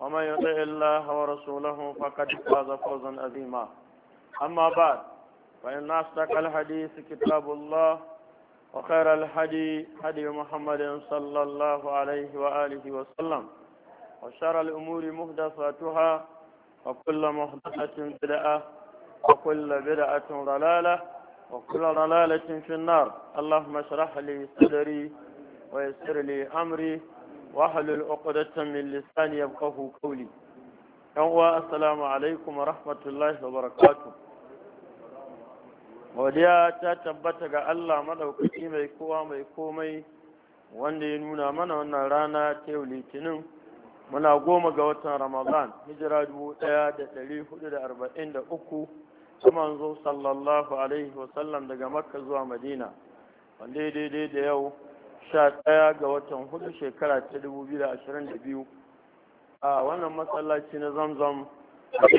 ومن يطع الله ورسوله فقد فاز فوزا عظيما أما بعد فإن أصدق الحديث كتاب الله وخير الحدي هدي محمد صلى الله عليه وآله وسلم وشر الأمور محدثاتها وكل محدثة بدعة وكل بدعة ضلالة وكل ضلالة في النار اللهم اشرح لي صدري ويسر لي أمري واحلل عقدة من لساني يبقه قولي yanwa assalamu alaikum rahmatullahi wa barakatu godiya ta tabbata ga Allah maɗaukaki mai kowa mai komai wanda ya nuna mana wannan rana ta yau litinin muna goma ga watan ramadan hijira dubu ɗaya da ɗari hudu da arba'in da uku kuma zo sallallahu alaihi wasallam daga makka zuwa madina wanda daidai da yau 11 ga watan hudu shekara ta 2022 a wannan matsalaci na zamzam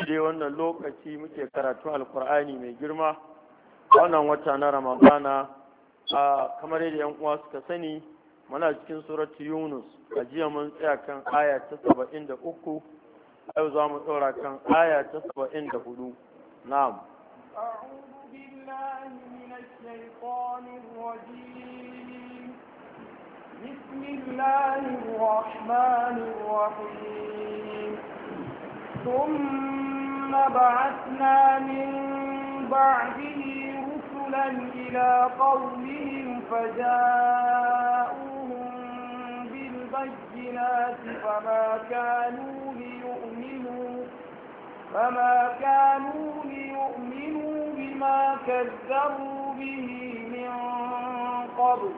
dai wannan lokaci muke karatu alkur'ani mai girma wannan wata na ramadana a kamar yadda yan uwa suka sani muna cikin suratu yunus a jiya mun tsaya kan aya ta 73 yau za mu tsora kan aya ta 74 na'am أعوذ بالله من الشيطان الرجيم بسم الله الرحمن الرحيم ثم بعثنا من بعده رسلا إلى قومهم فجاءوهم بالبينات فما كانوا ليؤمنوا فما كانوا ليؤمنوا بما كذبوا به من قبل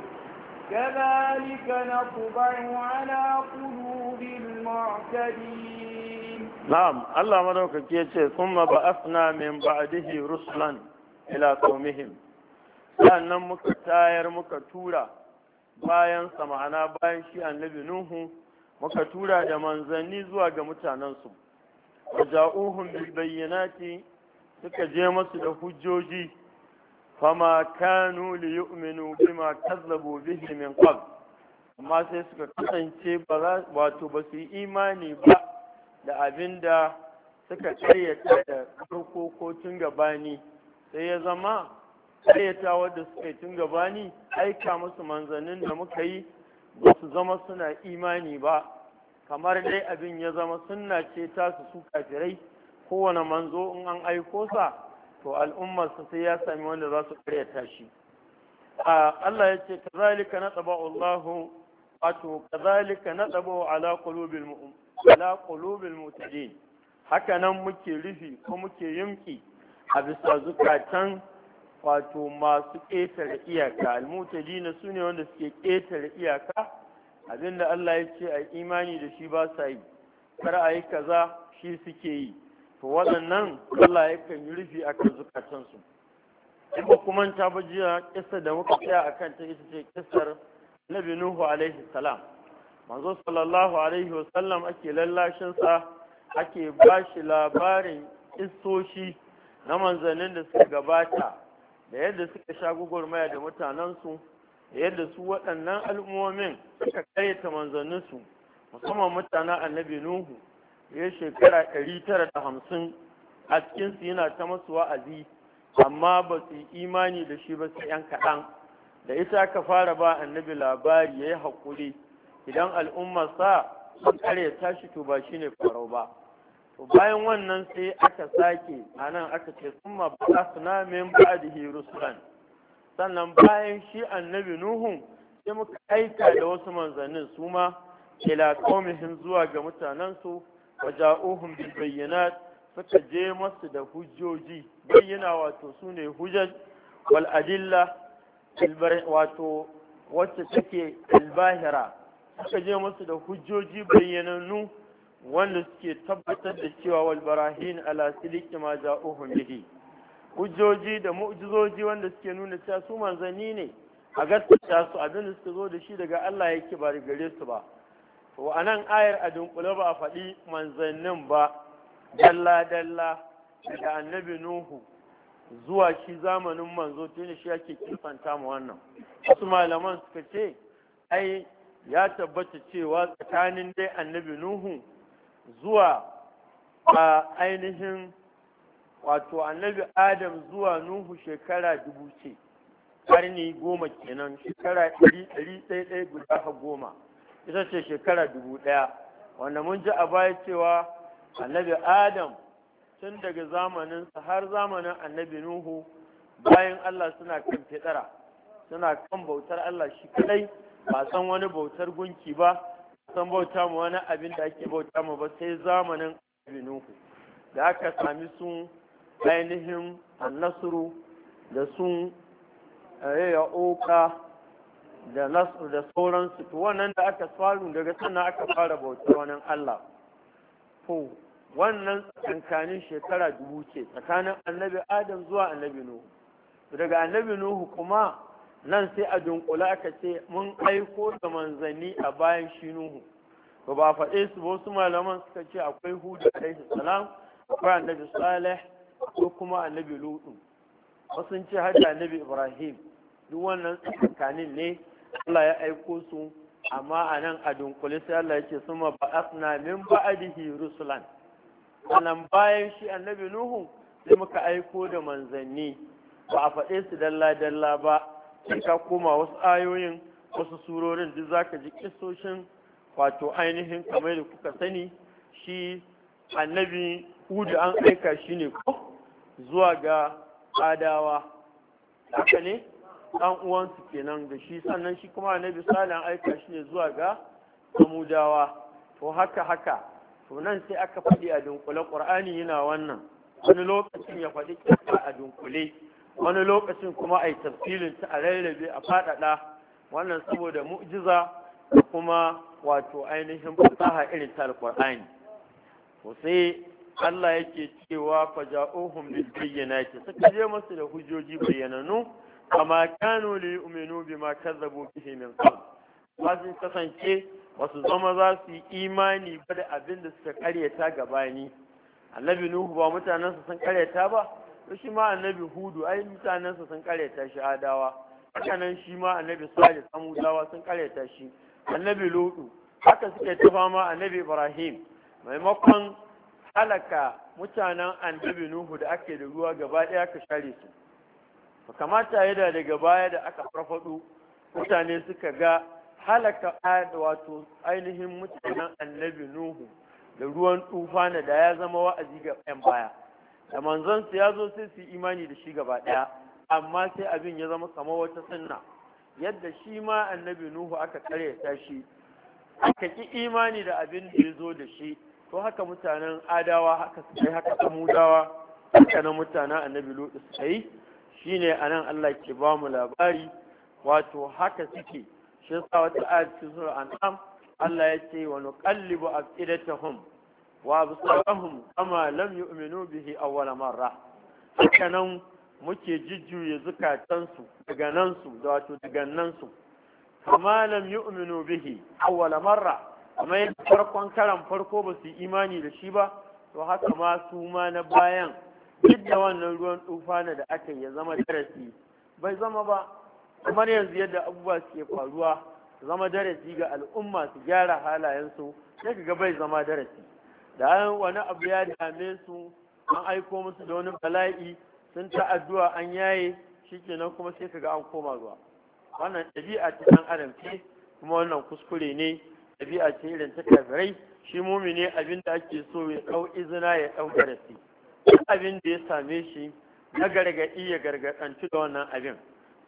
كذلك نطبع على قلوب المعتدين نعم الله ملوك كيتشي ثم بعثنا من بعده رسلا إلى قومهم sannan muka tayar muka tura bayan sama'ana bayan shi annabi nuhu muka tura da manzanni zuwa ga mutanensu su ja'uhum bil bayyinati suka je masu da hujjoji fama kanu li yu'minu bima kazzabu bihi min qabl amma sai suka kasance ba za wato ba su yi imani ba da abinda suka karyata da farko ko tun gabani sai ya zama karyata wadda suka yi tun gabani aika musu manzannin da muka yi ba su zama suna imani ba kamar dai abin ya zama suna ce ta su su kafirai kowane manzo in an aiko sa to al'ummarsa su sai ya sami wanda za su karyata shi Allah ya ce kazalika natsaba Allahu wato kazalika natsaba ala qulubil wa ala qulubil haka nan muke rufi ko muke yimki a bisa zukatan wato masu ƙetare iyaka almutadina su ne wanda suke ƙetare iyaka abinda Allah ya ce a imani da shi ba sa yi kar a yi kaza shi suke yi to waɗannan Allah ya kan yi rufi a kan zukatansu in ba kuma ta ba jiya kissa da muka tsaya a kan ta ita ce kissar nabi nuhu alaihi salam manzo sallallahu alaihi wasallam ake lallashinsa ake ba shi labarin istoshi na manzannin da suka gabata da yadda suka sha gugurmaya da mutanensu da yadda su waɗannan al'ummomin suka karyata manzanninsu musamman mutanen annabi nuhu ya shekara ɗari tara 950 a cikinsu yana ta masu wa'azi amma ba su imani da shi ba su ‘yan kaɗan da ita ka fara ba annabi labari ya yi haƙuri idan sa sun kare tashi to ba shi ne farau ba to bayan wannan sai aka sake a nan aka ce sun ma ba su na min ba da hirusulan sannan bayan shi annabi nuhun sai muka aika da wasu manzannin su ma ila zuwa ga mutanensu waja'uhum bil bayyinat suka je masu da hujjoji bayyana wato sune hujjaj wal adilla wato wacce take albahira suka je masu da hujjoji bayyanannu wanda suke tabbatar da cewa wal barahin ala siliki ma ja'uhum bihi hujjoji da mu'jizoji wanda suke nuna cewa su manzanni ne a gaskata su abin da suka zo da shi daga Allah yake bari gare su ba to anan ayar a dunkule ba a faɗi manzannin ba dalla-dalla daga annabi nuhu zuwa shi zamanin manzo tuni shi ake kifanta ma wannan wasu malaman suka ce ai ya tabbata cewa tsakanin dai annabi nuhu zuwa a ainihin wato annabi adam zuwa nuhu shekara dubu ce karni goma kenan shekara ɗari ɗari ɗaya ɗaya guda goma ita ce shekara dubu ɗaya wanda mun ji a baya cewa annabi adam tun daga zamaninsa har zamanin annabi nuhu bayan allah suna kan fitara suna kan bautar allah shi kadai ba san wani bautar gunki ba san bauta mu wani abin da ake bauta mu ba sai zamanin annabi nuhu da aka sami sun ainihin annasuru da sun eh, ya oka da nasu da sauransu to wannan da aka faru daga sannan aka fara bautar wannan Allah to wannan tsakanin shekara dubu ce tsakanin annabi adam zuwa annabi nuhu daga annabi nuhu kuma nan sai a dunkula aka ce mun aiko da manzanni a bayan shi nuhu to ba faɗe su ba su malaman suka ce akwai hudu alaihi salam akwai annabi salih ko kuma annabi lutu wasu ce har da annabi ibrahim duk wannan tsakanin ne Allah ya aiko su amma a nan a dunkule sai Allah yake suma ba'athna min ba'dihi rusulan sannan bayan shi annabi nuhu sai muka aiko da manzanni ba a faɗe su dalla dalla ba sai ka koma wasu ayoyin wasu surorin duk zaka ji kissoshin wato ainihin kamar da kuka sani shi annabi hudu an aika shi ne ko zuwa ga adawa haka ne ɗan uwansu kenan da shi sannan shi kuma annabi salih aika shi ne zuwa ga samudawa to haka haka to nan sai aka faɗi a dunkule ƙur'ani yana wannan wani lokacin ya faɗi kisa a dunkule wani lokacin kuma a yi ta a rarrabe a faɗaɗa wannan saboda mu'jiza da kuma wato ainihin fasaha irin ta alƙur'ani to sai Allah yake cewa faja'uhum bil bayyinati suka je masu da hujjoji bayyananu kama kanu li yu'minu bima kazzabu bihi min qabl ba kasance wasu zama za su yi imani ba da abin da suka karyata gabani annabi nuhu ba sa sun karyata ba to shi ma annabi hudu ai sa sun karyata shi adawa haka nan shi ma annabi salih samudawa sun karyata shi annabi lutu haka suke ta fama annabi ibrahim maimakon halaka mutanen annabi nuhu da ake da ruwa gaba ɗaya ka share su kamata yana daga baya da aka farfado mutane suka ga halaka wato ainihin mutanen annabi nuhu da ruwan na da ya zama wa'azi ga 'yan baya da manzansu ya zo sai su imani da shi gaba ɗaya amma sai abin ya zama kama wata sunna yadda shi ma annabi nuhu aka ta shi aka ƙi imani da abin da ya zo da shi to haka mutanen adawa haka su kai haka samudawa haka na mutanen annabi lutu su kai Shi ne a nan Allah ke ba mu labari wato haka suke shi sa wata ayat cikin sura an'am Allah ya ce wa nuqallibu afidatahum wa absarahum kama lam yu'minu bihi awwala marra haka nan muke jujjuye zukatansu daga nan su da wato daga nan su kama lam yu'minu bihi awwala marra kamar farkon karan farko ba su imani da shi ba to haka ma su ma na bayan duk da wannan ruwan na da aka ya zama darasi bai zama ba kamar yanzu yadda abubuwa suke faruwa zama darasi ga al'umma su gyara halayensu sai ga bai zama darasi da wani abu ya dame su an aiko musu da wani bala'i sun ta addu'a an yaye shikenan kuma sai kaga an koma ruwa wannan ɗabi'a ce ɗan adam ce kuma wannan kuskure ne ɗabi'a ce irin ta kafirai shi ne abin da ake so ya ɗau izina ya ɗau darasi abin da ya same shi na gargaɗi ya gargaɗanci da wannan abin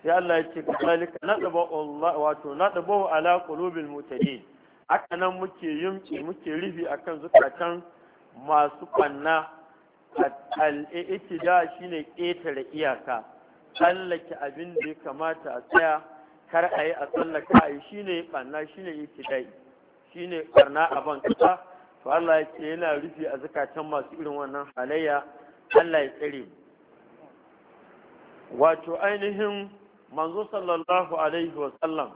sai Allah ya ce na nadaba Allah wato wa ala qulubil mutadin aka nan muke yunƙi muke rufi akan zukatan masu kwanna al-ittida shine ƙetare iyaka tsallake abin da ya kamata a tsaya kar a yi a tsallaka a yi shine ɓanna shine shine ɓarna a ban kasa to Allah ya ce yana rufe a zakatan masu irin wannan halayya Allah ya tsare mu wato ainihin manzo sallallahu alaihi wa sallam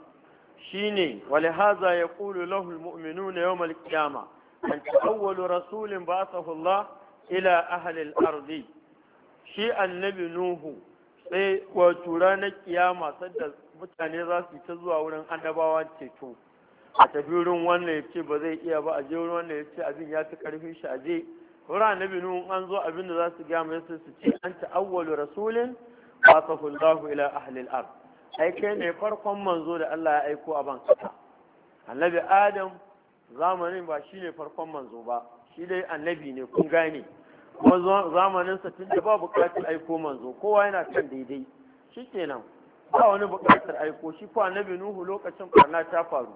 shine walihaza yaqulu lahu almu'minuna yawm alqiyama anta awwalu rasulin ba'athahu Allah ila ahli al-ardi shi annabi nuhu sai wato ranar kiyama sadda mutane za su ta zuwa wurin annabawa ceto a tafi wurin wannan ya ce ba zai iya ba a je wurin wannan ya ce abin ya fi karfi shi a je wura na binu an zo abin da za su gaya mai su ce an ta'awwalu rasulin ta Allahu ila ahli al-ard ai kai ne farkon manzo da Allah ya aiko a ban kasa annabi Adam zamanin ba shine farkon manzo ba shi dai annabi ne kun gane kuma zamanin sa tunda ba bukatar aiko manzo kowa yana kan daidai shikenan ba wani bukatar aiko shi ko annabi Nuhu lokacin barna ta faru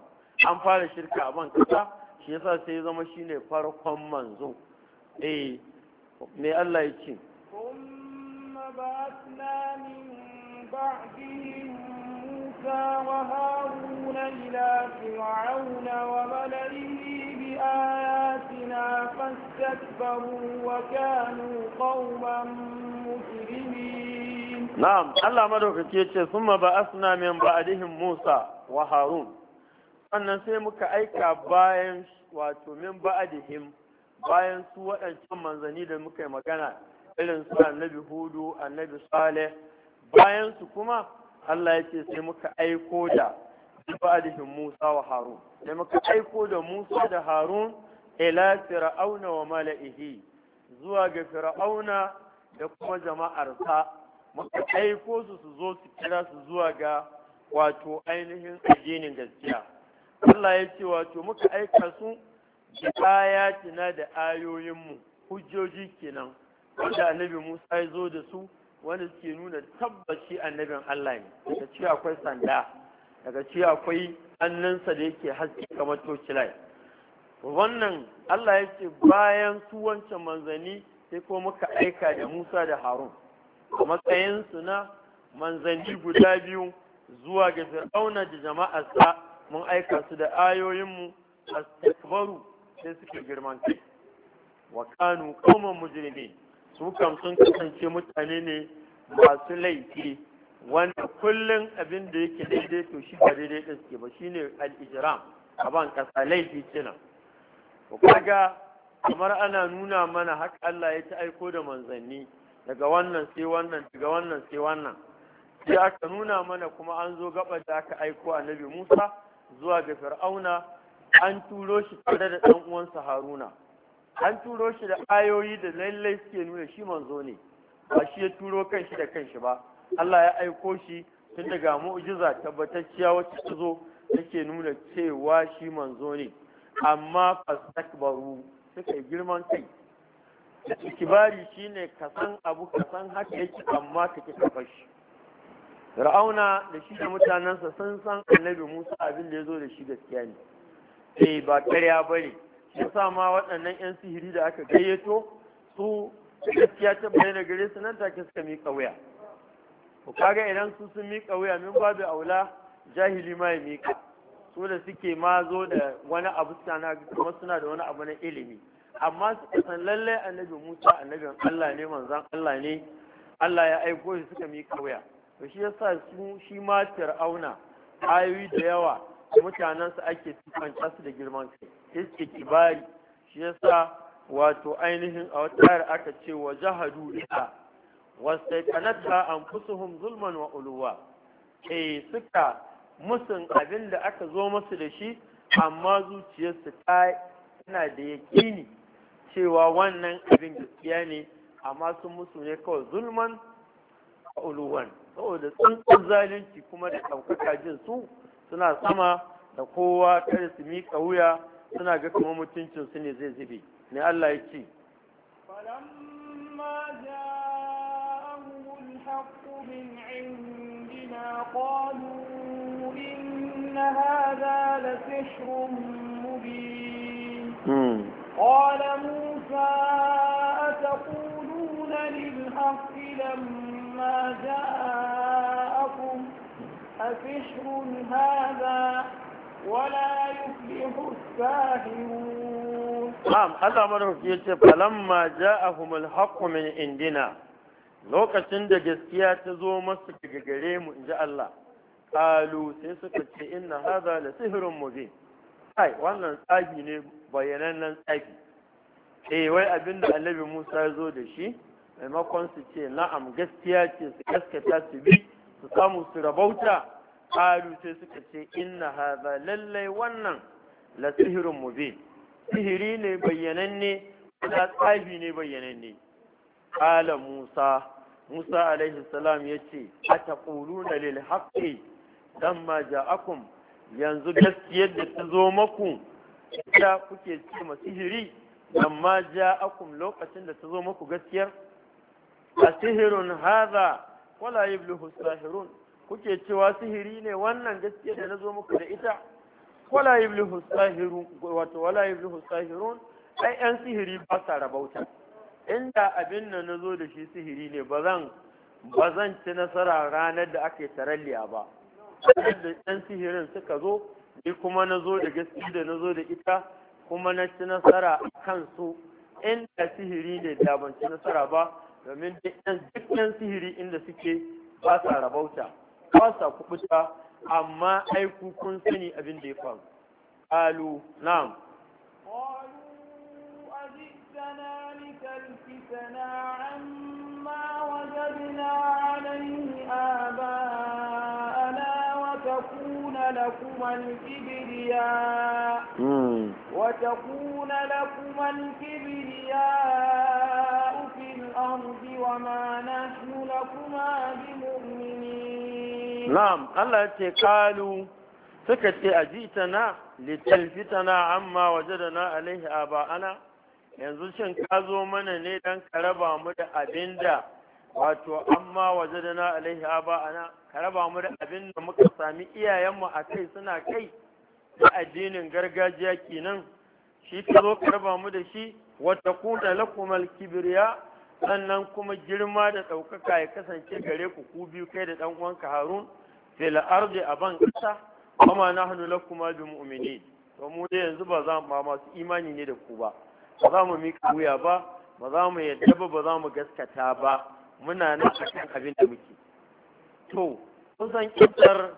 an fara shirka a ban kasa shi yasa sai zama zama shine farkon manzo eh me Allah ya ce kuma ba'athna min ba'dihim Musa wa Harun ila Fir'auna wa malaihi bi ayatina fastakbaru wa kanu qauman mujrimin na'am Allah madaukake yace summa ba'athna min ba'dihim Musa wa Harun sannan sai muka aika bayan wato min ba'adihim bayan su waɗancan manzani da muka yi magana irin su annabi hudu annabi saleh bayan su kuma Allah ya ce sai muka aiko da ba'adihim Musa wa Harun sai muka aiko da Musa da Harun ila fir'auna wa mala'ihi zuwa ga fir'auna da kuma jama'arsa muka aiko su su zo su kira su zuwa ga wato ainihin addinin gaskiya Allah ya ce wato muka aika su da kina da ayoyinmu hujjoji kenan wanda annabi Musa ya zo da su wanda suke nuna tabbaci annabin Allah ne daga ci akwai sanda daga ci akwai hannunsa da yake haske kamar tocilai wannan Allah ya ce bayan su wancan manzanni sai ko muka aika da Musa da Harun a matsayinsu na manzanni guda biyu zuwa ga Fir'auna da jama'arsa mun aika su da ayoyinmu a astakbaru sai suka girman kai wa kanu qauman su kam sun kasance mutane ne masu laifi wanda kullum abin da yake daidai to shi ba daidai ɗin suke ba shine al-ijram a ban ƙasa laifi kenan to kaga kamar ana nuna mana haka Allah ya ta aiko da manzanni daga wannan sai wannan daga wannan sai wannan sai aka nuna mana kuma an zo gaba da aka aiko annabi Musa zuwa ga fir'auna an turo shi tare da ɗan uwansa haruna an turo shi da ayoyi da lallai suke nuna shi manzo ne ba shi ya turo kanshi da kanshi ba Allah ya aiko shi tun daga mu'jiza tabbatacciya wacce ta zo take nuna cewa shi manzo ne amma fastakbaru suka yi girman kai kibari shine kasan abu kasan haka yake amma ka kafa shi fir'auna da shi da mutanensa sun san annabi musa abin da ya zo da shi gaskiya ne eh ba ƙarya ba ne shi sa ma waɗannan 'yan sihiri da aka gayyato su gaskiya ta bayyana gare su nan take suka miƙa wuya ku kaga idan su sun miƙa wuya min babu aula jahili ma ya miƙa su da suke ma zo da wani abu suna kuma suna da wani abu na ilimi amma su san lallai annabi musa annabin allah ne manzon allah ne allah ya aiko shi suka miƙa wuya to shi yasa su shi ma fir'auna ayoyi da yawa mutanen su ake tukan kasu da girman kai iske kibari shi yasa wato ainihin a wata aka ce wa jahadu ita wasai kanata an fusuhum zulman wa uluwa ke eh, suka musun abin da aka zo masu da shi amma zuciyarsu ta tana da yakini cewa wannan abin gaskiya ne amma sun musu ne kawai zulman a uluwan saboda tsuntsun zalunci kuma da ɗaukaka jin su suna sama da kowa kada su miƙa wuya suna ga kuma mutuncin su ne zai zube ne Allah ya ce هذا لسحر مبين قال موسى أتقولون للحق لما ما جاءكم أسحر هذا ولا يفلح الساهرون نعم هذا أمره يتي فلما جاءهم الحق من عندنا lokacin da gaskiya ta zo masu daga gare mu in ji Allah Kalu sai suka ce inna haza da sihirin mubin kai wannan tsagi ne bayanannen tsagi eh wai abinda annabi Musa ya zo da shi maimakon su ce na'am gaskiya ce su gaskata su bi su samu su rabauta ƙalu sai suka ce inna haza lallai wannan la sihirin mu sihiri ne bayyananne da tsafi ne bayyananne ƙala musa musa alaihi salam ya ce a na lil haƙƙi dan ma ja'akum yanzu gaskiyar da ta zo maku ita kuke ce ma sihiri dan ma ja'akum lokacin da ta zo maku gaskiyar asihirun hadha wala yuflihu sahirun kuke cewa sihiri ne wannan gaskiya da nazo muku da ita wala yuflihu sahirun wato wala yuflihu sahirun ai yan sihiri ba sa rabauta inda abin nan nazo da shi sihiri ne bazan bazan ci nasara ranar da ake taralliya ba da yan sihirin suka zo ni kuma nazo da gaskiya da nazo da ita kuma na ci nasara kan su inda sihiri ne da ban ci nasara ba domin duk sihiri inda suke ba sa rabauta ba sa kubuta amma aiku kun sani abin da ya faru qalu na'am qalu ajitana litalfitana amma wajadna alayhi aba'ana wa takuna lakum al-kibriya وتكون لكم الكبرياء الأرض وما نحن لكما بمؤمنين نعم الله قالوا سكت أجيتنا لتلفتنا عما وجدنا عليه آباءنا yanzu cin ka zo mana ne don ka raba mu da abin da wato amma waje da na alaihi ba ana ka raba mu da abin da muka sami iyayenmu a kai suna kai da addinin gargajiya kenan shi ka zo ka raba mu da shi wata kuna lakumal kibriya sannan kuma girma da ɗaukaka ya kasance gare ku ku biyu kai da ɗan uwanka harun fil ardi a ban ƙasa kuma na hannu lakuma bi mu'mini to mu dai yanzu ba za mu ba masu imani ne da ku ba ba za mu mika wuya ba ba za mu yadda ba ba za mu gaskata ba muna nan akan abin da muke to kusan kisar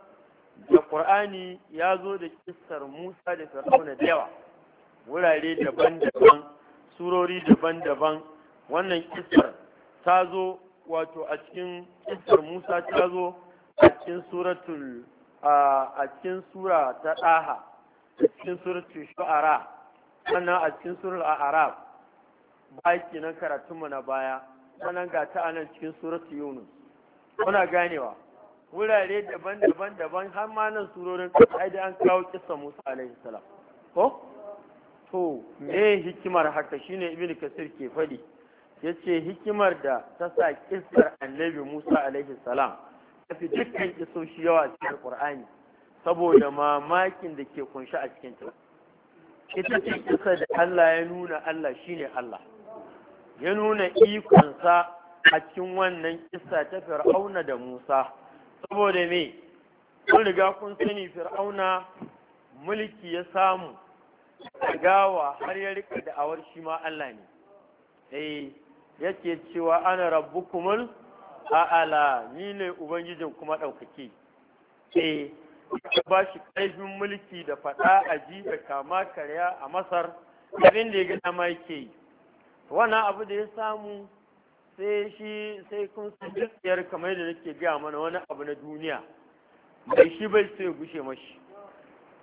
da Qur'ani ya zo da kisar Musa da Fir'auna da yawa wurare daban-daban surori daban-daban wannan kisar ta zo wato a cikin kisar musa ta zo a cikin suratul a cikin sura ta daha a cikin suratul shu'ara sannan a cikin suratul arab baki karatun mu na baya sannan ga ta anan cikin suratul yunus kuna ganewa wurare daban-daban daban har ma nan surorin kasa da an kawo kisar musa alaihi salam ko to me hikimar haka shine ibnu kasir ke faɗi ya ce hikimar da ta sa kisar annabi musa alaihi salam ta fi dukkan kisoshi yawa cikin ƙur'ani saboda mamakin da ke kunshi a cikin ta ita ce kisa da allah ya nuna allah shine allah ya nuna ikonsa a cikin wannan kisa ta fir'auna da musa saboda me kun riga kun sani fir'auna mulki ya samu gawa har ya rika da'awar shi ma allah ne eh yake cewa ana rabbukumul a'ala ni ne ubangijin kuma ɗaukaki eh ba shi ƙarfin mulki da faɗa a ji da kama karya a masar abin da ya ga dama yake yi wannan abu da ya samu sai shi sai kun san kamar da nake gaya mana wani abu na duniya mai shi bai sai bushe gushe mashi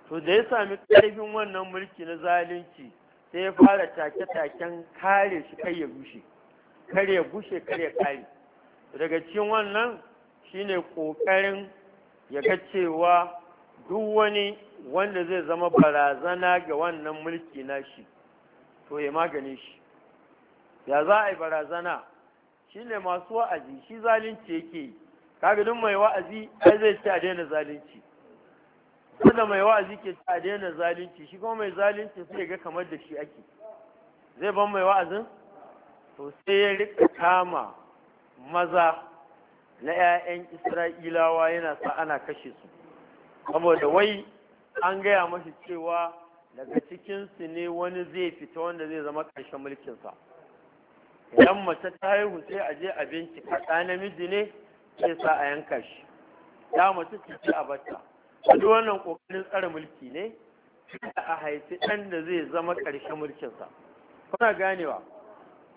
to da ya sami ƙarfin wannan mulki na zalunci sai ya fara take-taken kare shi kai ya gushe kar ya gushe kar ya daga cikin wannan shine kokarin ya ga cewa duk wani wanda zai zama barazana ga wannan mulki nashi to ya magane shi ya za a yi barazana shine masu wa'azi shi zalunci yake kaga duk mai wa'azi ai zai ci a daina zalunci Kada mai wa'azi ke ci a daina zalunci shi kuma mai zalunci sai ga kamar da shi ake zai ban mai wa'azin to sai ya rika kama maza na 'ya'yan isra'ilawa yana sa ana kashe su saboda wai an gaya mashi cewa daga cikinsu ne wani zai fita wanda zai zama ƙarshen mulkinsa idan mace ta haihu sai a je a bincika ɗa namiji ne sai sa a yanka shi ya mace ta ce a bata duk wannan ƙoƙarin tsara mulki ne a haifi ɗan da zai zama ƙarshen mulkinsa kuna ganewa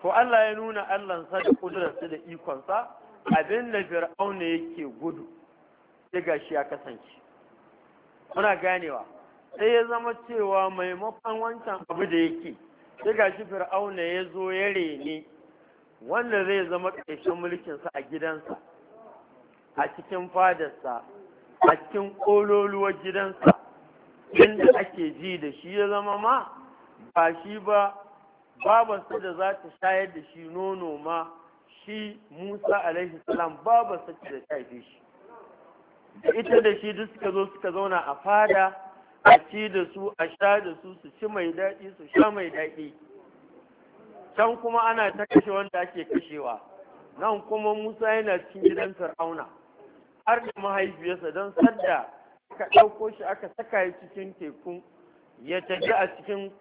to Allah ya nuna Allahnsa da kudurarsa da ikonsa abin da fir'auna yake gudu ya shi ya kasance muna ganewa sai ya zama cewa maimakon wancan abu da yake daga shi fir'auna ya zo ya rene wanda zai zama ƙarshen mulkinsa a gidansa a cikin fadarsa a cikin ƙololuwar gidansa inda ake ji da shi ya zama ma ba shi ba babansa da za ta shayar da shi nono ma shi musa alaihi salam babansa da ta shi da ita da shi duk suka zo suka zauna a fada a ci da su a sha da su su ci mai daɗi su sha mai daɗi can kuma ana ta kashe wanda ake kashewa nan kuma musa yana cikin gidan fir'auna har da mahaifiyarsa don sadda aka ɗauko shi aka saka cikin tekun ya tafi a cikin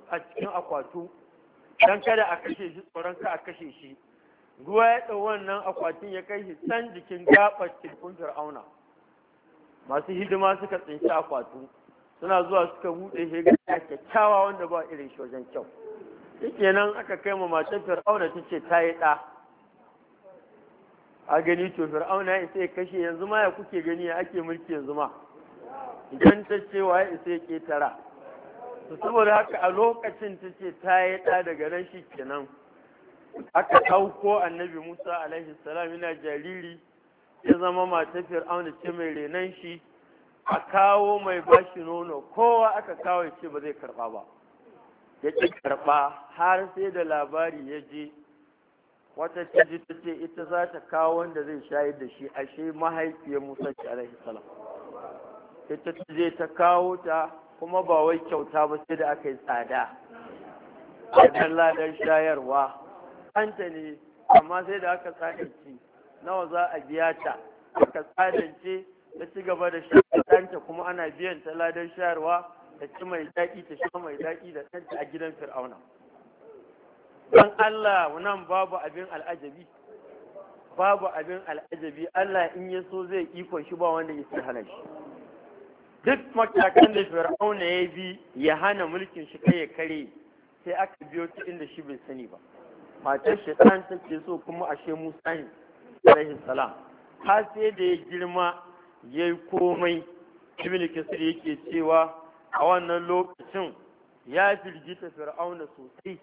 akwatu don kada a kashe shi tsoron ka a kashe shi ruwa ya ɗau wannan akwatin ya kai shi san jikin gabar tekun fir'auna masu hidima suka tsinci akwatu suna zuwa suka buɗe shi ga kyakkyawa wanda ba irin shi wajen kyau shikenan aka kai ma matar fir'auna ta ce ta yi ɗa a gani to fir'auna ya isa ya kashe yanzu ma ya kuke gani ya ake mulki yanzu ma idan ta ce wa ya isa ya ƙetara to saboda haka a lokacin ta ce ta yi ɗa daga nan shi kenan aka ɗauko annabi musa alaihi salam yana jariri ya zama matar da ce mai renan shi a kawo mai bashi nono kowa aka kawo ya ce ba zai karɓa ba ya ƙi karɓa har sai da labari ya je wata ta ji ta ce ita za ta kawo wanda zai shayar da shi ashe mahaifiyar musa alaihi salam ita ta ta kawo ta kuma ba wai kyauta ba sai da aka yi tsada wajen ladar shayarwa kanta ne amma sai da aka tsadance nawa za a biya ta aka tsadance ta ci gaba da shakatanta. kuma ana biyan ta ladar shayarwa ta ci mai daɗi ta sha mai daɗi da kanta a gidan fir'auna don Allah nan babu abin al'ajabi babu abin al'ajabi Allah in ya so zai ikon shi ba wanda ya hana shi duk matakan da fir'auna ya bi ya hana mulkin shi kai ya kare sai aka biyo ta inda shi bai sani ba matar shaitan ta ce so kuma ashe musa ne alaihi salam har sai da ya girma ya yi komai ibn kasir yake cewa a wannan lokacin ya firgita fir'auna sosai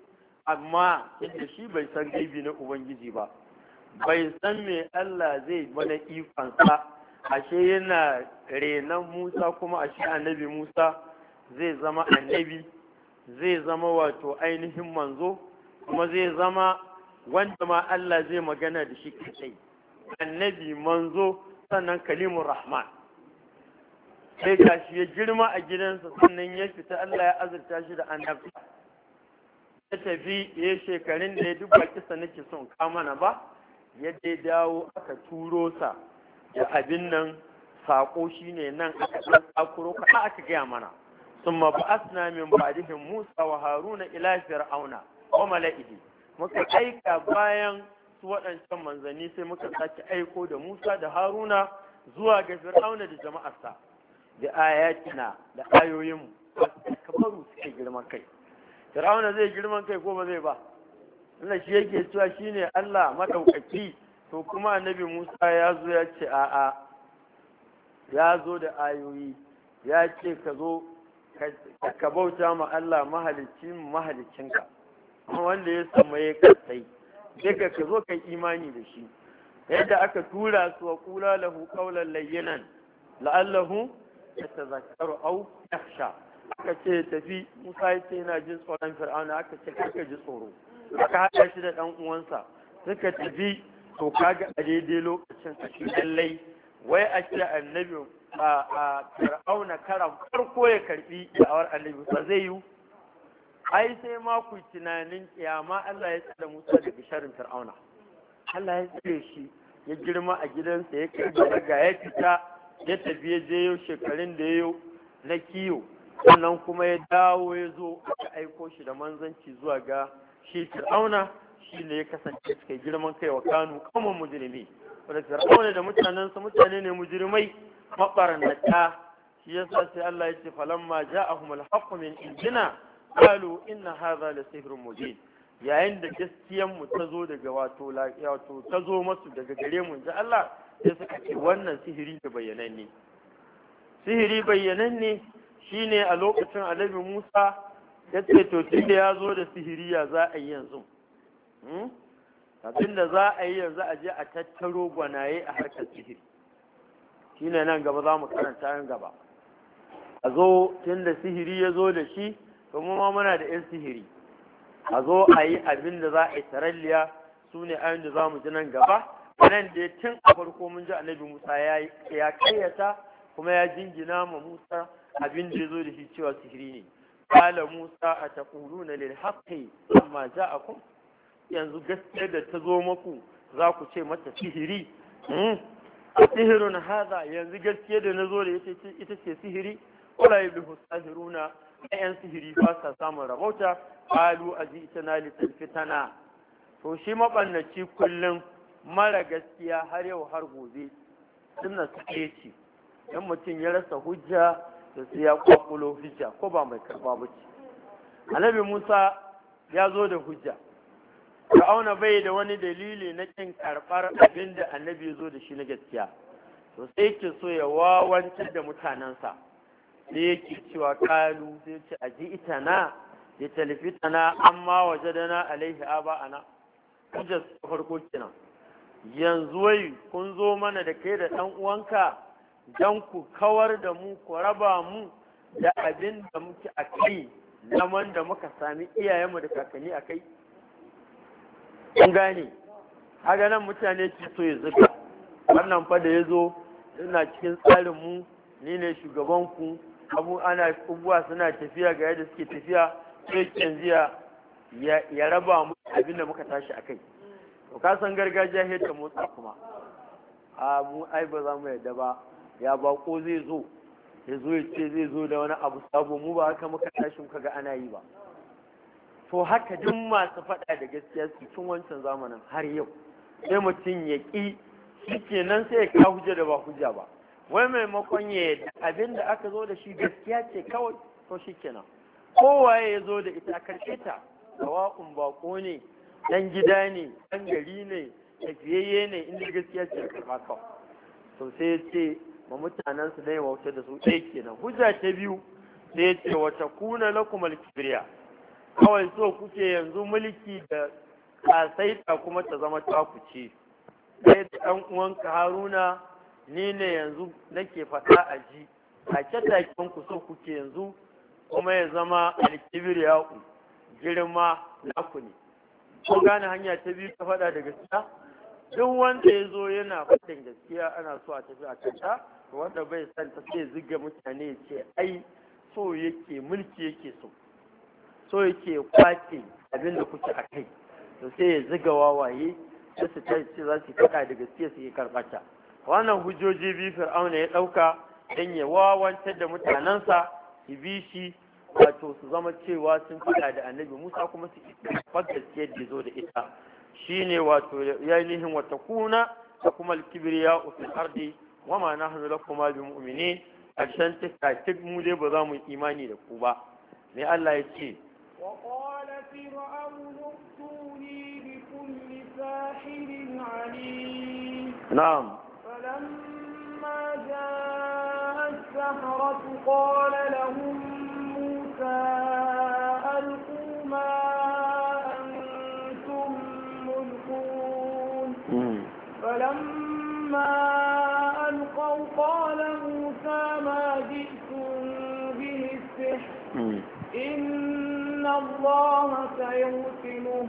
amma inda shi bai san gaibi na ubangiji ba bai san me Allah zai mana ikonsa ashe yana renan Musa kuma a shi annabi Musa zai zama annabi zai zama wato ainihin manzo kuma zai zama wanda ma Allah zai magana da shi kai annabi manzo sannan kalimur rahman sai ga shi ya girma a gidansa sannan ya fita Allah ya azurta shi da annabi ya tafi ya shekarun da ya duk kisa nake son kamana ba ya dai dawo aka turo sa da abin nan saƙo ne nan aka ɗan tsakuro ka aka gaya mana sun ba asina min ba'dihim Musa wa Haruna ila Fir'auna wa mala'ihi muka aika bayan su waɗancan manzanni sai muka sake aiko da Musa da Haruna zuwa ga Fir'auna da jama'arsa da ayatina da ayoyin kafaru suke girman kai Fir'auna zai girman kai ko ba zai ba Allah shi yake cewa shine Allah madaukaki to kuma annabi Musa ya zo ya ce a'a ya zo da ayoyi ya ce ka zo ka bauta ma Allah mahalicci mahalicinka wanda ya samaye kasai daga ka zo ka imani da shi yadda aka tura su wa kula lahu qawlan layyinan la'allahu yatazakkaru aw yakhsha aka ce tafi Musa ya ce yana jin tsoron Fir'auna aka ce kaka ji tsoro aka haɗa shi da ɗan uwansa suka tafi to kaga a daidai lokacin a lallai wai a kira annabi a fir'auna karan farko ya karbi da'awar annabi ba zai yi ai sai ma ku tunanin kiyama Allah ya tsare Musa daga sharrin fir'auna Allah ya tsare shi ya girma a gidansa ya kai daga ya fita ya tafi ya je shekarun da ya na kiyo sannan kuma ya dawo ya zo aka aiko shi da manzanci zuwa ga shi fir'auna shi ne ya kasance suka girman kai wa kanu kamar mujrimi wadda fir'auna da mutanensa mutane ne mujirmai mabarannata shi yasa sai Allah ya ce falamma ja'ahum al-haqqu min indina qalu inna hadha la sihrun mubin yayin da gaskiyan mu ta zo daga wato wato ta zo masu daga gare mu ji Allah sai suka ce wannan sihiri da bayyananne sihiri bayyananne shine a lokacin Annabi Musa ya ce to tunda ya zo da sihiri za a yi yanzu hmm? abinda za a yi yanzu a je a tattaro gwanaye a harkar sihiri shine nan gaba za mu karanta yin gaba a zo tun da sihiri ya zo da shi kuma ma muna da yan sihiri a zo a yi abin da za a yi taralliya su ne ayin da za mu ji nan gaba nan da tun a farko mun ji annabi musa ya kayyata kuma ya jingina ma musa abin da ya zo da shi cewa sihiri ne قال موسى أتقولون للحق لما جاءكم yanzu gaskiya da ta zo maku za ku ce mata sihiri hmm? a sihirin haza yanzu gaskiya da na zo da ita ce sihiri wala yi bihu sahiruna ɗayan sihiri ba sa samun rabauta alu a ji ita na fitana to shi maɓannaci kullum mara gaskiya har yau har gobe suna suke ce yan mutum ya rasa hujja da su ya kwakulo hujja ko ba mai karɓa ba ce annabi musa ya zo da hujja fir'auna bai da wani dalili na kin karɓar abin da annabi ya zo da shi na gaskiya to sai ke so ya wawancar da mutanensa sai yake cewa kalu sai ce a ji ita na ya talifi tana amma waje da na alaihi aba ana kujas farko kenan yanzu wai kun zo mana da kai da ɗan uwanka don ku kawar da mu ku raba mu da abin da muke a kai zaman da muka sami iyayenmu da kakanni a kai kun gane haga nan mutane ke so ya zuka wannan fa ya zo ina cikin tsarin mu ni ne shugabanku abu ana abubuwa suna tafiya ga yadda suke tafiya sai canziya ya raba mu abin da muka tashi a kai to ka san gargajiya he ta motsa kuma abu ai ba za mu yadda ba ya bako zai zo ya zo ya ce zai zo da wani abu sabo mu ba haka muka tashi muka ga ana yi ba to haka duk masu faɗa da gaskiya su tun wancan zamanin har yau sai mutum ya ƙi shi nan sai ya kawo hujja da ba hujja ba wai maimakon ya yadda abin da aka zo da shi gaskiya ce kawai to shi kowaye ya zo da ita a karshe ta sawa'un bako ne dan gida ne dan gari ne tafiyayye ne inda gaskiya ce karɓa kawai to sai ya ce ma mutanen su yawa wuce da su ɗaya kenan hujja ta biyu sai ya ce wata kuna lakumal kibriya kawai so kuke yanzu mulki da kasaita kuma ta zama taku ce sai da ɗan uwanka haruna ni ne yanzu nake faɗa a ji a ku so kuke yanzu kuma ya zama alkibir ku girma ku ne kun gane hanya ta biyu ta faɗa da gaskiya duk wanda ya zo yana faɗin gaskiya ana so a tafi a kanta wanda bai san ta sai ziga mutane ya ce ai so yake mulki yake so so yake kwace abin da kuke a kai to sai ya ziga wawaye sai su kai sai za su faɗa daga gaskiya su yi karɓata wannan hujjoji biyu fir'auna ya ɗauka dan ya wawantar da mutanensa su bi shi wato su zama cewa sun faɗa da annabi musa kuma su karɓar gaskiyar da zo da ita shine wato yanihin wata kuna da kuma alkibriya fil ardi wa ma nahnu lakum bi mu'minin karshen tikka tik mu dai ba za mu imani da ku ba me Allah ya ce وقال فرعون ائتوني بكل ساحر عليم نعم فلما جاء السحرة قال لهم موسى ألقوا ما أنتم ملقون فلما الله سيرسله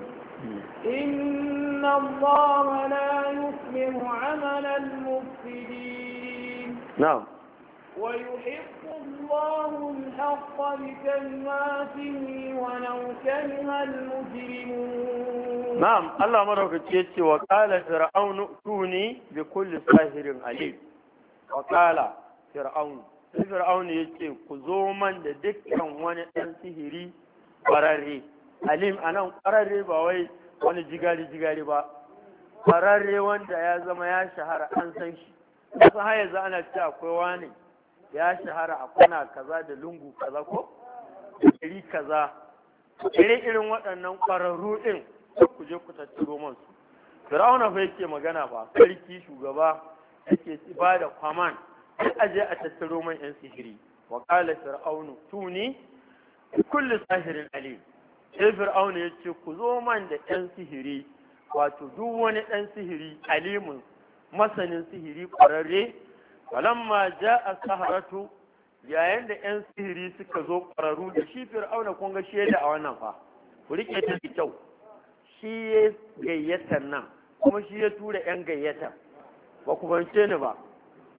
إن الله لا يصلح عمل المفسدين نعم ويحق الله الحق بكلماته ولو كره المجرمون نعم الله مرة كتير وقال فرعون ائتوني بكل ساهر عليم وقال فرعون فرعون يتي كزوما لدكا وانا سهري kwararre alim a nan kwararre ba wai wani jigari-jigari ba kwararre wanda ya zama ya shahara an san shi wasu haya za ana ce akwai wani ya shahara a kwana kaza da lungu kaza ko gari kaza iri irin waɗannan kwararru ɗin ku je ku tattaro man su firawuna fa yake magana ba sarki shugaba yake ba da kwaman sai a je a tattaro man yan sihiri wa qala fir'aunu tuni kullu sahirin alim sai fir'auna ya ce ku zo man da ɗan sihiri wato duk wani ɗan sihiri alimun masanin sihiri ƙwararre falamma ja a saharatu yayin da ‘yan sihiri suka zo ƙwararru da shi fir'auna kun ga shaida a wannan fa ku riƙe ta da kyau shi ya gayyatar nan kuma shi ya tura ‘yan gayyatar ba ku bance ni ba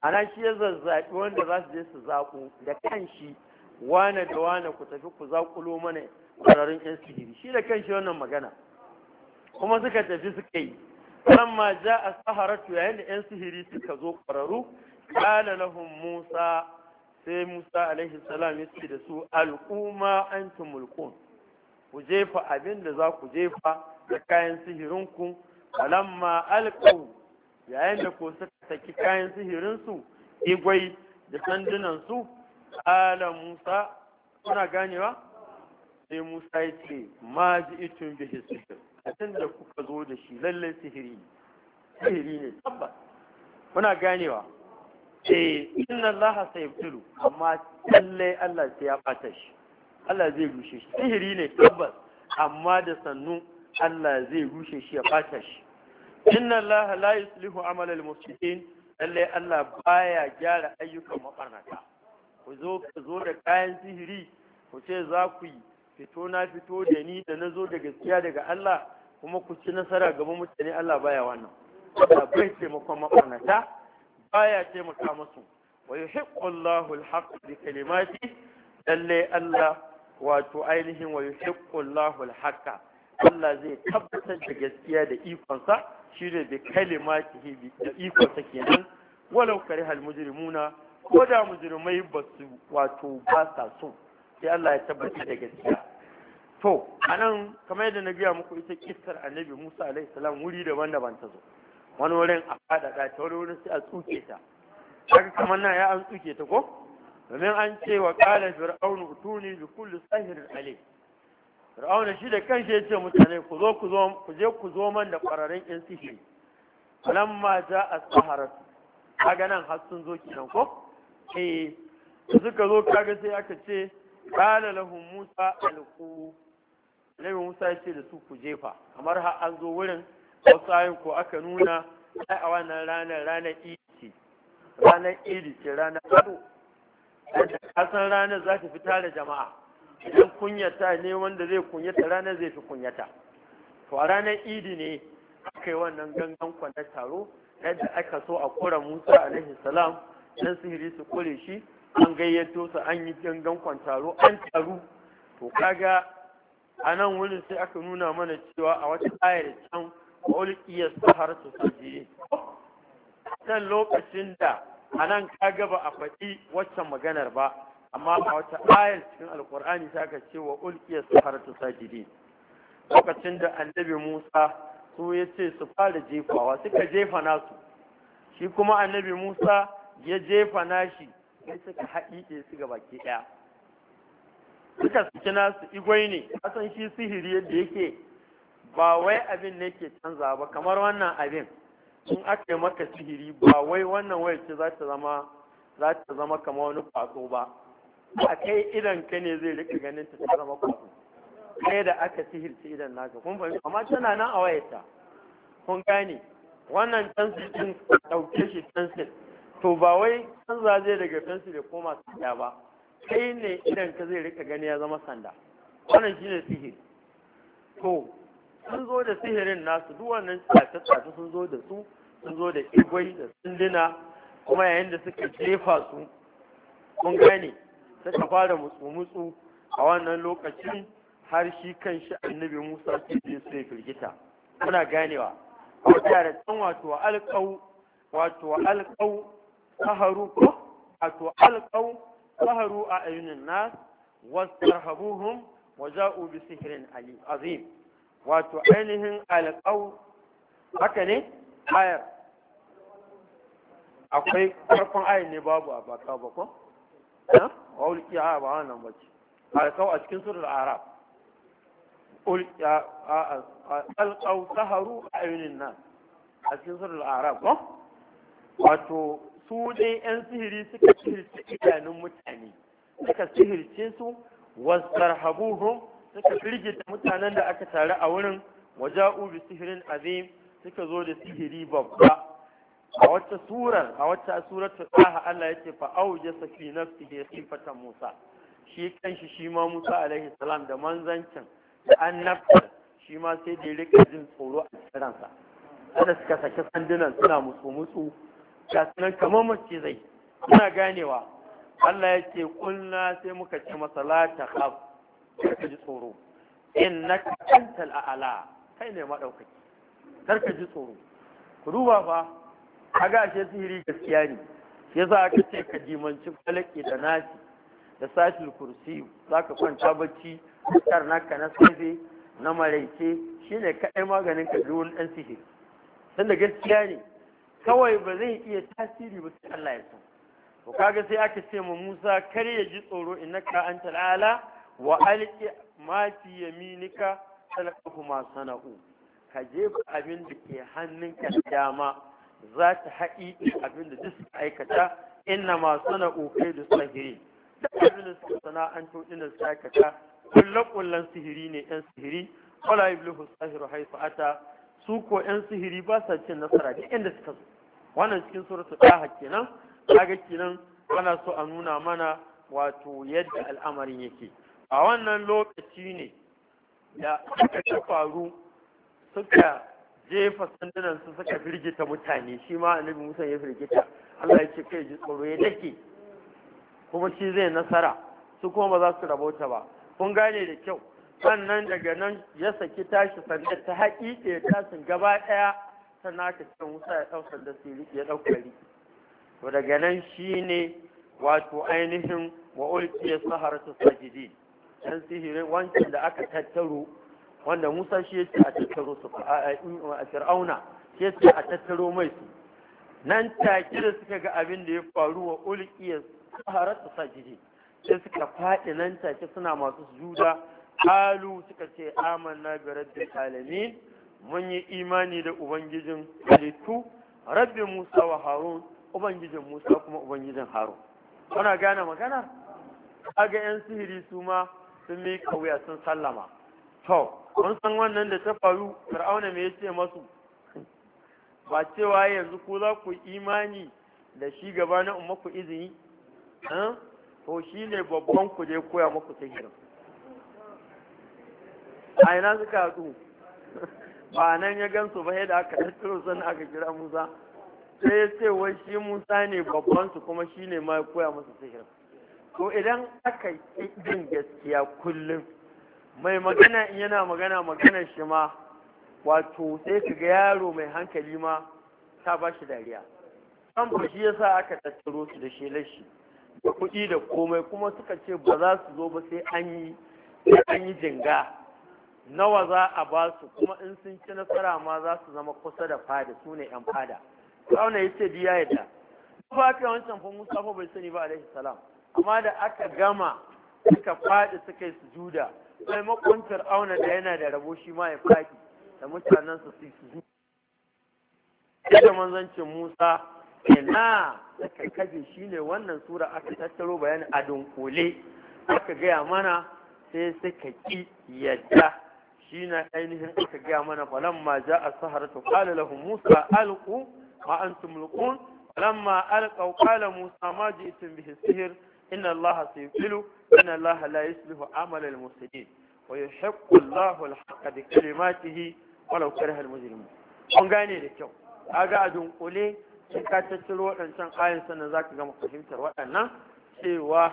ana shi ya zazzaɓi wanda za su je su zaƙo da kan shi wane da wane ku tafi ku zaƙulo mana ƙwararrun 'yan sihiri shi da kanshi wannan magana kuma suka tafi suka yi ma ja a saharatu yayin da 'yan sihiri suka zo ƙwararru ƙala musa sai musa alaihi salam ya ce da su al'umma an mulkun ku jefa abin da za ku jefa da kayan sihirinku alamma alƙau yayin da ko suka saki kayan sihirinsu igwai da sandunan su? ala musa kuna ganewa sai musa ya ce ma ji itin bihi sihir can da kuka zo da shi lallai sihiri sihiri ne tabbas kuna ganewa eh inna allah sayabtulu amma lallai allah sai ya bata shi allah zai rushe shi sihiri ne tabbas amma da sannu allah zai rushe shi ya bata shi inna allah la yuslihu amal al-mufsidin lallai allah baya gyara ayyukan mabarnata ku zo ku zo da kayan sihiri ku ce za ku yi fito na fito da ni da na zo da gaskiya daga Allah kuma ku ci nasara ga mutane Allah baya wannan Allah bai taimakon mabarnata baya taimaka musu wa yuhiqqu Allahu al-haqq bi kalimati dalle Allah wato ainihin wa yuhiqqu Allahu al-haqq Allah zai tabbatar da gaskiya da ikonsa shi ne bi kalimatihi da ikonsa kenan walau karihal mujrimuna ko da mujrimai ba su wato ba sa so sai Allah ya tabbata da gaskiya to anan kamar yadda na gaya muku ita kissar annabi Musa alaihi salam wuri daban-daban ta zo wani wurin a da ta wurin sai a tsuke ta haka kamar nan ya an tsuke ta ko domin an ce wa qala fir'aunu utuni bi kulli sahirin alai fir'auna shi da kanshi ya ce mutane ku zo ku zo ku je ku zo man da ƙwararrun yan sihiri Lamma ja as-saharatu kaga nan har sun zo kenan ko eh suka zo kaga sai aka ce qala lahum musa alqu nabi musa ya ce da su ku jefa kamar har an zo wurin wasu ayin ko aka nuna ai a wannan ranar ranar idi ranar idi ce ranar ado san ranar za ta fita da jama'a idan kunyata ne wanda zai kunyata ranar zai fi kunyata to a ranar idi ne aka yi wannan gangan kwanar taro yadda aka so a kura musa alaihi salam yan sihiri su kore shi an gayyato su an yi gangan kwantaro an taru to kaga a nan wurin sai aka nuna mana cewa a wata ayar can iya sahar su sajiri nan lokacin da a nan kaga ba a faɗi waccan maganar ba amma a wata ayar cikin alkur'ani ta ka ce wa ulkiyar sahar su sajiri lokacin da annabi musa su ya ce su fara jefawa suka jefa nasu shi kuma annabi musa ya jefa nashi sai suka haƙiƙe su ga baki ɗaya suka suke nasu igwai ne kasan shi sihiri yadda yake ba wai abin ne ke canza ba kamar wannan abin in aka yi maka sihiri ba wai wannan wayar ce za ta zama za ta zama kamar wani kwaso ba a kai idan ka ne zai rika ganin ta ta zama kwaso kai da aka sihirce idan naka kun fahimta amma tana nan a wayarta kun gane wannan tansil din ɗauke shi tansil to ba wai an zaje daga fensu da koma ya ba kai ne idan ka zai rika gani ya zama sanda wannan ne sihiri to sun zo da sihirin nasu duk wannan tsace sun zo da su sun zo da igwai da sunduna kuma yayin da suka jefa su kun gane suka fara mutsu-mutsu a wannan lokacin har shi kan shi annabi musa ce je su ya firgita kuna ganewa a wata da can wato alƙau wato alƙau saharu qaharu wato alqaw saharu a ayunin nas wastarhabuhum wa ja'u bi sihrin azim wato ainihin alqaw haka ne ayar akwai farkon ayar ne babu a baka ba ko ha ulki a ba wannan bace alqaw a cikin surar arab alqaw saharu a ayunin nas a cikin surar arab ko wato su dai 'yan sihiri suka sihirci idanun mutane suka sihirci su wasar Habuhu suka firgita mutanen da aka taru a wurin waje ubi, sihirin azim suka zo da sihiri babba a wata surar a wata suratul aha Allah yace fa awjasa fi nafsihi Musa shi kanshi shi ma Musa alaihi salam da manzancin da an annabta shi ma sai da ya rika jin tsoro a cikin ransa kada suka saki sandunan suna musu musu nan kamar mace zai suna ganewa Allah ya ce kulna sai muka ce masa la ta khaf ka ji tsoro innaka antal a'la kai ne madaukaki kar ka ji tsoro ku duba fa kaga ashe sihiri gaskiya ne yasa aka ce ka dimanci falaki da nasi da satil kursi zaka kwanta bacci kar naka na safe na maraice shine kaɗai maganin ka duwul ɗan sihiri Sanda gaskiya ne kawai ba zai iya tasiri ba sai Allah ya so to kaga sai aka ce ma Musa kar ya ji tsoro innaka anta ala wa alqi ma fi yaminika talqahu ma sana'u ka jefa abin da ke hannunka da dama za ta abin da duk suka aikata inna ma sana'u kai da sahiri duk abin da suka sana'anto ɗin suka aikata Kullum-kullum sihiri ne yan sihiri wala yublihu sahiru haifu ata su ko yan sihiri ba sa cin nasara duk inda suka zo wannan cikin suratul daha kenan kaga kenan ana so a nuna mana wato yadda al'amarin yake a wannan lokaci ne da suka ta faru suka jefa sandunan su suka firgita mutane shi ma annabi Musa ya firgita Allah ya ce kai ji tsoro ya dake kuma shi zai nasara su kuma ba za su rabauta ba kun gane da kyau sannan daga nan ya saki tashi sanda ta haƙiƙe tasin gaba ɗaya sannan naka cikin musa ya ɗau sanda su ya ɗaukari to daga nan shi ne wato ainihin wa sa harsu sajidi dan sihirin wancan da aka tattaro wanda musa shi ya ce a tattaro su a fir'auna shi ya ce a tattaro mai su nan take da suka ga abin da ya faru wa ulkiya saharatu sajidi sai suka faɗi nan take suna masu juda halu suka ce amanna bi rabbil alamin mun yi imani da ubangijin halittu rabbi musa wa harun ubangijin musa kuma ubangijin harun kuna gane magana kaga yan sihiri su ma sun mi kauya sun sallama to kun san wannan da ta faru fir'auna me ce masu ba cewa yanzu ko za ku imani da shi gaba na umma ku izini to shi ne babban ku je koya muku sihirin a ina suka haɗu ba nan ya gansu ba yadda aka tattaro sannan aka kira musa sai ya ce wai shi musa ne babban su kuma shi ne ma koya masa sihir to idan aka yi jin gaskiya kullum mai magana in yana magana maganar shi ma wato sai ka ga yaro mai hankali ma ta ba shi dariya kan ba shi yasa aka tattaro su da shelar shi da kuɗi da komai kuma suka ce ba za su zo ba sai an yi an yi jinga nawa za a ba su kuma in sun ci nasara ma za su zama kusa da fada su ne yan fada kauna ya ce biya yadda ba ka wancan fa musa bai sani ba alaihi salam amma da aka gama suka fadi suka yi sujuda sai makon fir'auna da yana da rabo shi ma ya fadi da mutanen su su sujuda da manzancin musa ina suka kaje shine wannan sura aka tattaro bayani a dunkule aka gaya mana sai suka ƙi yadda shine ainihin aka gaya mana falamma ja'a saharatu qala lahum musa alqu ma antum mulqun ma alqaw qala musa ma ji'tum bihi sihr inna allaha sayfilu inna allaha la yuslihu amala al-mufsidin wa yuhiqqu allahu al-haqqa bi kalimatihi walau kariha al-mujrimun kun gane da kyau kaga a dunkule sai ka tattaro waɗancan ayin sannan za ka gama fahimtar waɗannan cewa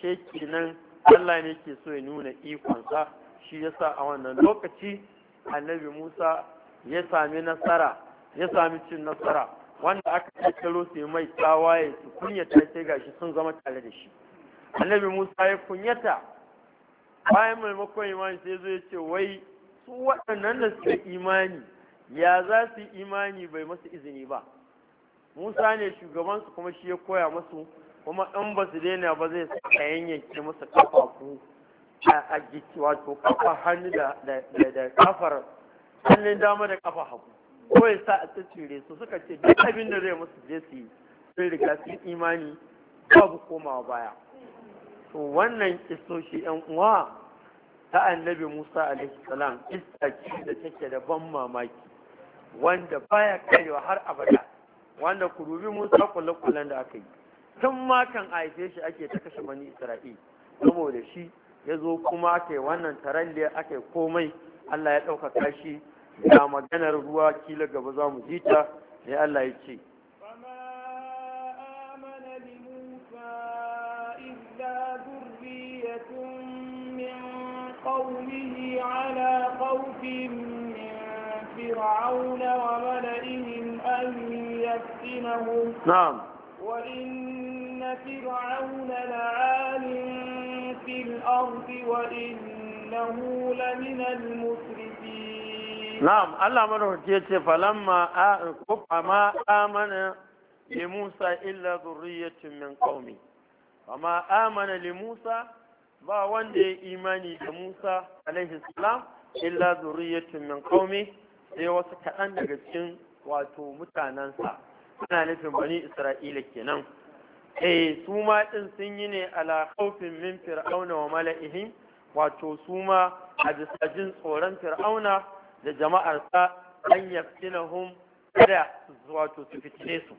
shekinan Allah ne ke so ya nuna ikonsa shi sa a wannan lokaci annabi Musa ya sami nasara ya sami cin nasara wanda aka tattaro su mai tsawaye su kunyata ga gashi sun zama tare da shi annabi Musa ya kunyata bayan maimakon imani sai zai ce wai su waɗannan da suke imani ya za su yi imani bai masu izini ba Musa ne shugabansu kuma shi ya koya masu kuma in ba su daina ba zai sa yanyanke masa kafafu a jiki wato kafa hannu da kafar hannun dama da kafa hagu ko ya sa a tsire su suka ce duk abin da zai musu je su yi sun riga sun imani babu komawa baya to wannan kistoshi yan uwa ta annabi Musa alaihi salam ce da take da ban mamaki wanda baya karewa har abada wanda ku rubi Musa kullakullan da aka yi tun ma a haife shi ake ta kashe mani Isra'il saboda shi ya zo kuma aka wannan taralliya aka komai Allah ya ɗaukaka shi ga maganar ruwa kila gaba za mu ji ta sai Allah ya ce قومه على خوف من فرعون وملئهم أن يفتنهم نعم وإن في الأرض وإنه لمن المسرفين نعم الله مره جيت فلما ما آمن لموسى إلا ذرية من قومه وما آمن لموسى ba wanda ya imani da Musa alaihi salam illa zuriyatun min qaumi sai wasu kaɗan daga cikin wato mutanansa ana nufin bani Isra'ila kenan eh su ma din sun yi ne ala khawfin min fir'auna wa mala'ihim wato su ma a bisa jin tsoron fir'auna da jama'arsa an yaftinahum kada wato su fitine su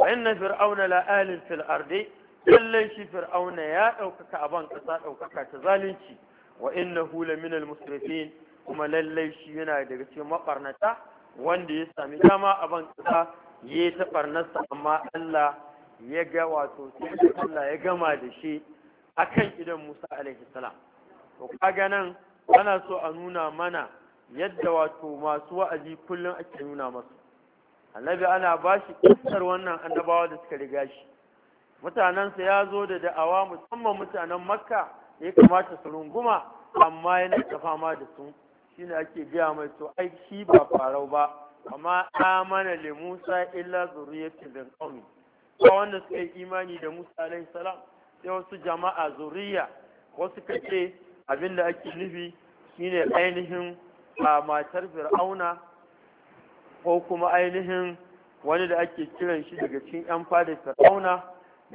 wa inna fir'auna la alin fil ardi lallai shi fir'auna ya ɗaukaka a ban ƙasa ɗaukaka ta zalunci wa innahu la min al musrifin kuma lallai shi yana daga cikin mabarnata wanda ya sami dama a ban ƙasa yayi ta barnarsa amma Allah ya ga wato sai Allah ya gama da shi akan idan Musa alaihi salam to kaga nan ana so a nuna mana yadda wato masu wa'azi kullum ake nuna masu annabi ana ba shi kisar wannan annabawa da suka riga shi Mutanen mutanensa ya zo da da'awa musamman mutanen makka ya kamata su runguma amma yana ta fama da su shine ake biya mai to ai shi ba farau ba amma amana li musa illa zuriyatin qawmi ba wanda suka yi imani da Musa alaihi salam sai wasu jama'a zuriya wasu kace abinda ake nufi shine ainihin a matar fir'auna ko kuma ainihin wani da ake kiran shi daga cikin yan fadar fir'auna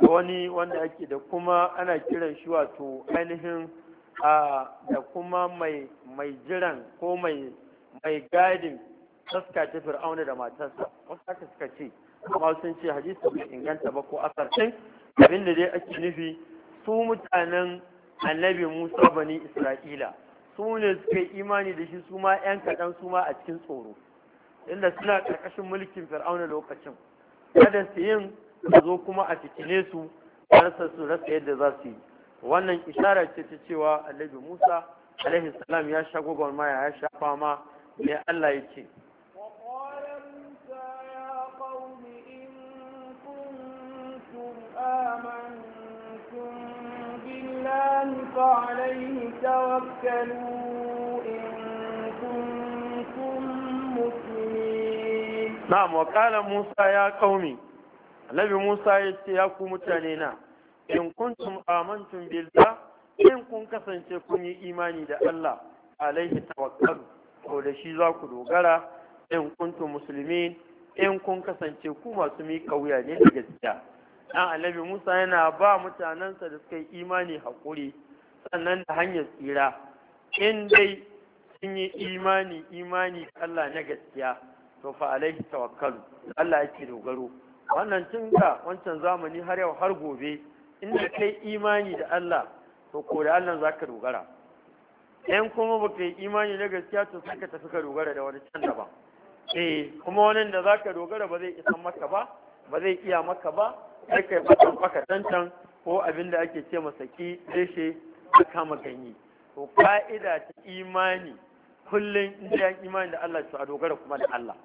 da wani wanda ake da kuma ana kiran shi wato ainihin a da kuma mai mai jiran ko mai mai gadin taska ta fir'auna da matarsa wasu haka suka ce kuma sun ce hadisi bai inganta ba ko asarcin abin da dai ake nufi su mutanen annabi musa bani isra'ila su ne suka yi imani da shi su ma yan kaɗan su ma a cikin tsoro inda suna ƙarƙashin mulkin fir'auna lokacin kada su yin zo kuma a fitine su rasa su rasa yadda za su yi wannan isharar ce ta cewa annabi musa alaihi salam ya sha gwagwarmaya ya sha fama ne allah ya ce توكلوا إن كنتم مسلمين نعم وقال موسى يا قومي النبي موسى يتياكم متانينا إن كنتم آمنتم بالله إن كنتم كسنتكم إيماني دا الله alaihi tawakkalu ko da shi za ku dogara in kuntum muslimin in kun kasance ku masu miƙa wuya ne da gaskiya Ɗan alabi Musa yana ba mutanensa da suka yi imani haƙuri sannan da hanyar tsira in dai sun yi imani imani Allah na gaskiya to fa alaihi tawakkalu Allah yake dogaro wannan tun da wancan zamani har yau har gobe inda kai imani da Allah to ko da Allah zaka dogara in kuma baka yi imani na gaskiya to sai tafi ka dogara da wani can daban eh kuma wani da zaka dogara ba zai isan maka ba ba zai iya maka ba sai kai bakan baka tantan ko abin da ake ce masaki reshe a kama ganye to ka'ida ta imani kullum inda imani da Allah su a dogara kuma da Allah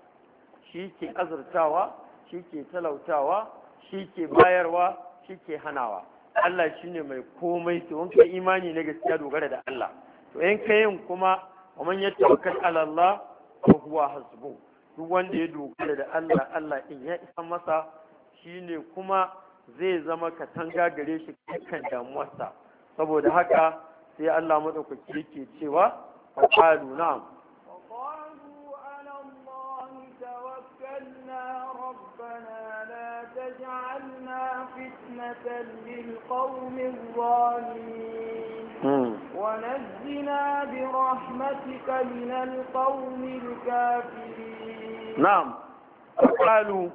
shi ke azurtawa shi ke talautawa shi ke bayarwa shi ke hanawa Allah shi ne mai komai to wanka imani na gaskiya dogara da Allah to yan kayan kuma a ya tawakkal ala Allah fa huwa hasbu duk wanda ya dogara da Allah Allah in ya isa masa shine kuma zai zama katanga gare shi dukkan damuwarsa saboda haka sai Allah maɗaukaki yake cewa fa qalu na'am وجعلنا فتنة للقوم الظالمين ونجنا برحمتك من القوم الكافرين نعم قالوا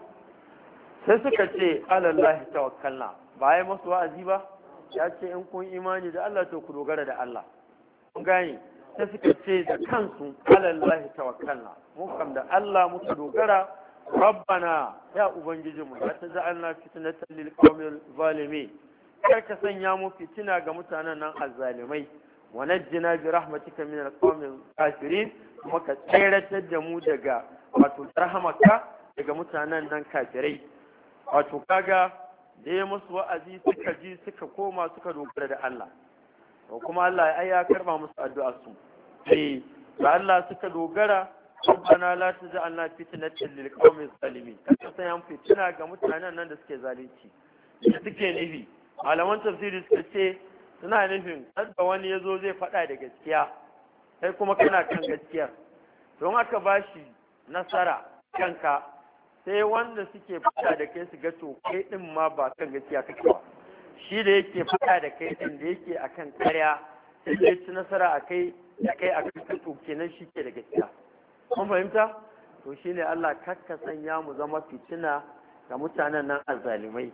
sai suka ce alallahi tawakkalna bayan masu wa'azi ba ya ce in kun imani da Allah to ku dogara da Allah kun gane ta suka ce da kansu alallahi tawakkalna mu kam da Allah muka dogara rabbana ya ubangiji mu ta ja'alna fitnatan lil qawmil zalimin kar ka sanya mu fitina ga mutanen nan azzalimai wa najjina bi rahmatika min qawmil kafirin kuma ka tsayratar da mu daga wato rahamaka daga mutanen nan kafirai wato kaga da ya musu wa'azi suka ji suka koma suka dogara da Allah to kuma Allah ya karba musu addu'a su eh da Allah suka dogara rabbana la allah fitnatan lil qawmi zalimin kada sai an fitina ga mutanen nan da suke zalunci da suke nufi malaman tafsiri suka ce suna nufin kada wani ya zo zai faɗa da gaskiya sai kuma kana kan gaskiyar don aka bashi nasara kanka sai wanda suke fada da kai su ga to kai din ma ba kan gaskiya kake ba shi da yake fita da kai din da yake akan karya sai ya ci nasara a kai da kai a kan to kenan shi ke da gaskiya kun fahimta to shine Allah kakka sanya mu zama fitina ga mutanen nan azzalumai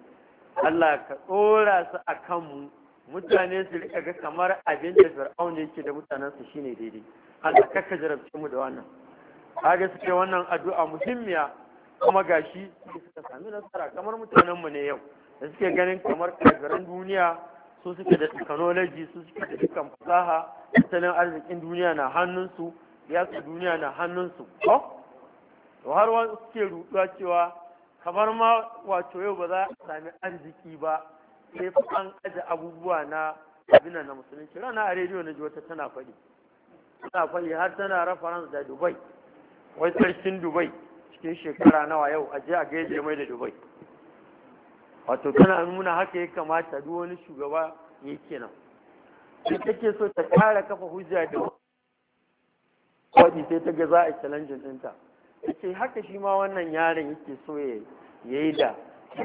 Allah ka tsora su a kanmu mutane su rika ga kamar abin da fir'aun yake da su shine daidai Allah kakka jarabce mu da wannan kaga suke wannan addu'a muhimmiya kuma gashi suka sami nasara kamar mutanenmu ne yau da suke ganin kamar kafiran duniya su suke da technology su suke da dukkan fasaha tattalin arzikin duniya na hannunsu su duniya na hannunsu ko to har wa suke ruɗuwa cewa kamar ma wato yau ba za a sami arziki ba sai fa an aje abubuwa na abin na musulunci rana a rediyo na ji wata tana faɗi tana faɗi har tana reference da dubai wai sarkin dubai ce shekara nawa yau a jiya ga yaje mai da dubai wato tana nuna haka ya kamata duk wani shugaba ya kenan sai take so ta kara kafa hujja da wani sai ta ga za a challenge ɗinta ta ce haka shi ma wannan yaron yake so ya yi da